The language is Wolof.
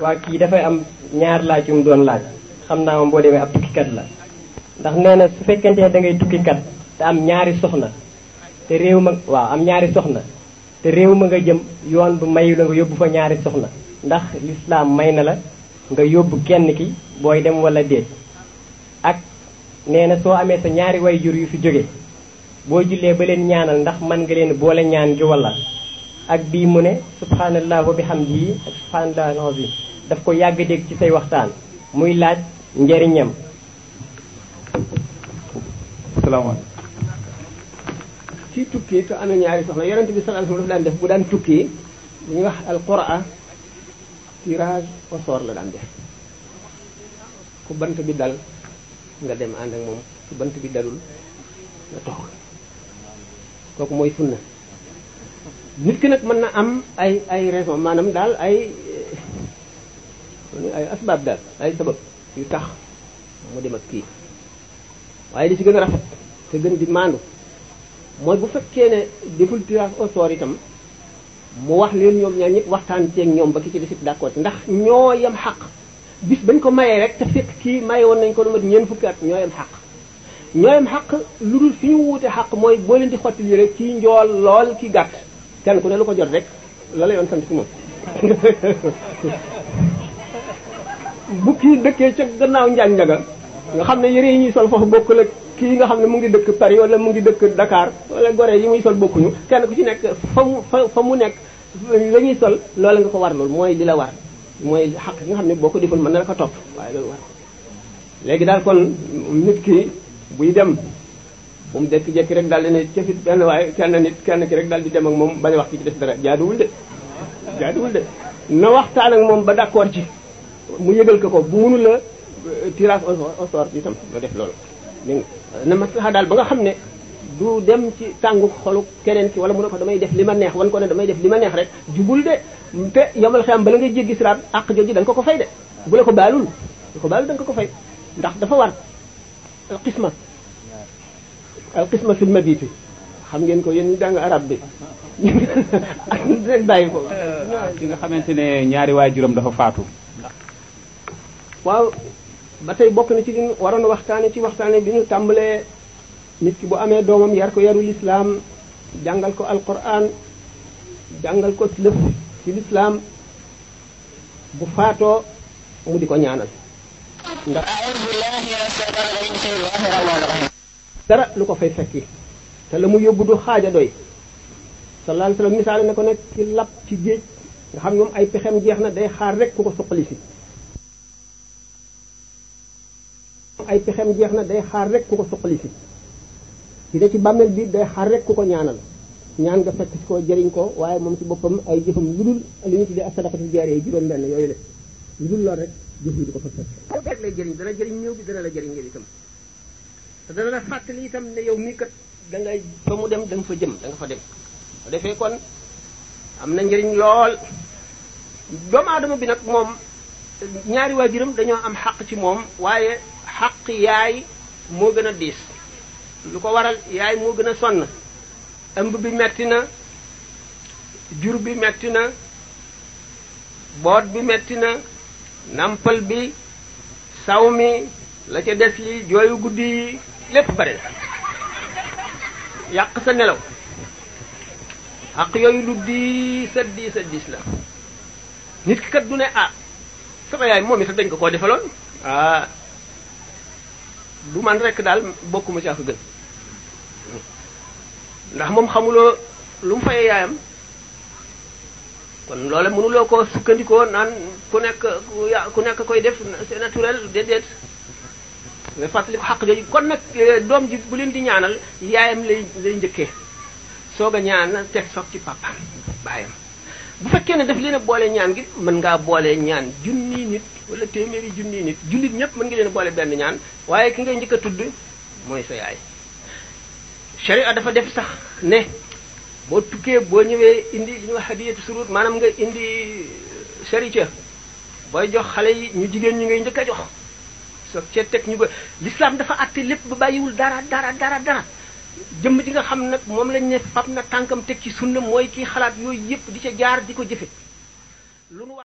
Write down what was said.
waa kii dafay am ñaari laaj yu mu doon laaj xam naa moom boo demee ab tukkikat la ndax nee na su fekkente dangay da ngay tukkikat te am ñaari soxna te réew ma waaw am ñaari soxna te réew ma nga jëm yoon bu mayu la nga yóbbu fa ñaari soxna ndax lislaam may na la nga yóbbu kenn ki booy dem wala déet ak nee na soo amee sa ñaari way jur yu fi jóge boo jullee ba leen ñaanal ndax man nga leen boole ñaan gi wala ak bii mu ne subhanallah wa bihamdihi ak subhanallah alazim daf ko yàgg dégg ci say waxtaan muy laaj njëriñam salaamaaleykum ci tukki su amee ñaari soxla yonente bi sallallahu alayhi wasallam daf daan def bu daan tukki ñu wax alqura tirage au sort la daan def ku bant bi dal nga dem ànd ak moom ku bant bi dalul nga toog kooku mooy sunna nit ki nag mën na am ay ay raison maanaam daal ay ay asbaab daal ay sabab yu tax mu dem ak kii waaye li ci gën a rafet te gën di maandu mooy bu fekkee ne deful tirage au sort itam mu wax leen ñoom ñaar ñëpp waxtaan ceeg ñoom ba ki ci desit d'accord ndax ñoo yem xaq bis bañ ko mayee rek te fekk kii maye woon nañ ko lu mat ñeent fukki at ñoo yem xaq ñoo yem xaq lu dul fi ñu wuute xaq mooy boo leen di xotti lii rek kii njool lool kii gàtt kenn ku ne lu ko jot rek la la yoon sant ci moom bu kii dëkkee ca gannaaw njaañ njaga nga xam ne yëre yi ñuy sol foofu bokk la kii nga xam ne mu ngi dëkk Paris wala mu ngi dëkk Dakar wala Gorée yi muy sol bokkuñu kenn ku ci nekk fa mu fa fa mu nekk la ñuy sol loola nga ko war loolu mooy li la war mooy xaq nga xam ne boo ko deful mën ne la ko topp waaye loolu war léegi daal kon nit ki buy dem bu mu dekk jekki rek daal di ne cëfit benn waaye kenn nit kenn ki rek daal di dem ak moom bañ wax ki ci des dara jaaduwul de jaaduwul de na waxtaan ak moom ba d'accord ci mu yëgal ko ko bu mënu la euh, tirage au sort itam nga def loolu dégg ma na daal ba nga xam ne du dem ci tàngu xolu keneen ki wala mu ne ko damay def li ma neex wan ko ne damay def li ma neex rek jubul de te yomal xiyam bala ngay si siraat àq jooju da nga ko ko fay de bu la ko baalul bu ko baalul da ko ko fay ndax dafa war al qisma al qisma fil xam ngeen ko yéen jàng arab bi ak seen bàyyi ko. nga xamante ne ñaari juróom dafa faatu. waaw ba tey bokk na ci li waroon waxtaane ci waxtaane bi ñu tàmbalee nit ki bu amee doomam yar ko yarul islaam jàngal ko alquran jàngal ko lépp ci lislaam bu faatoo mu di ko ñaanal ndax dara lu ko fay fekki te la mu yóbbu du xaaja doy sallallahu alayhi wasallam misaale ne ko nag ci lab ci géej nga xam ñoom ay pexem jeex na day xaar rek ku ko suqali si dundam jeex na day xaar rek ku ko suqali si ki ne ci bàmmeel bi day xaar rek ku ko ñaanal ñaan nga fekk ko jëriñ ko waaye moom ci boppam ay jëfam lu dul li ñu tuddee ak sadaqatu jaariya yi juróom benn yooyu la lool rek yi di ko fa fekk rek lay jëriñ dana jëriñ néew bi dana la jëriñ yow itam te dana la fàttali itam ne yow mii kat da ngay ba mu dem da nga fa jëm da nga fa dem bu defee kon am na njëriñ lool doomu aadama bi nag moom ñaari waa waajuram dañoo am xaq ci moom waaye xaq yaay moo gën a diis lu ko waral yaay moo gën a sonn ëmb bi metti na jur bi metti na boot bi metti na nampal bi saw mi la ca des yi jooyu guddi yi lépp bare yàq sa nelaw xaq yooyu lu diis a diis a diis la nit ki du ne ah sama yaay moom it dañ ko koo defaloon ah, du man rekk daal bokkuma caa ko gën ndax moom xamuloo lu mu fayee yaayam kon loola mënuloo ko sukkandikoo naan ku nekk ku nekk koy def c'est naturel déedéet nga fàttali ko xaq jooju kon nag eh, doom ji bu leen di ñaanal yaayam lay lay njëkkee soog a ñaan teg soog ci papa baayam bu fekkee ne daf leen boole ñaan ngi mën ngaa boole ñaan junni nit wala téeméeri junni nit jullit ñëpp mën nga leen boole benn ñaan waaye ki ngay njëkk a tudd mooy sa yaay sharia dafa def sax ne boo tukkee boo ñëwee indi li ñuy wax hadiyatu surut maanaam nga indi charité booy jox xale yi ñu jigéen ñi ngay njëkk a jox soog cee teg ñu ba l'islam dafa àtte lépp ba bàyyiwul dara dara dara dara jëmm ji nga xam nag moom lañ ne fab na tànkam teg ci sunna mooy kii xalaat yooyu yëpp di ca jaar di ko jëfe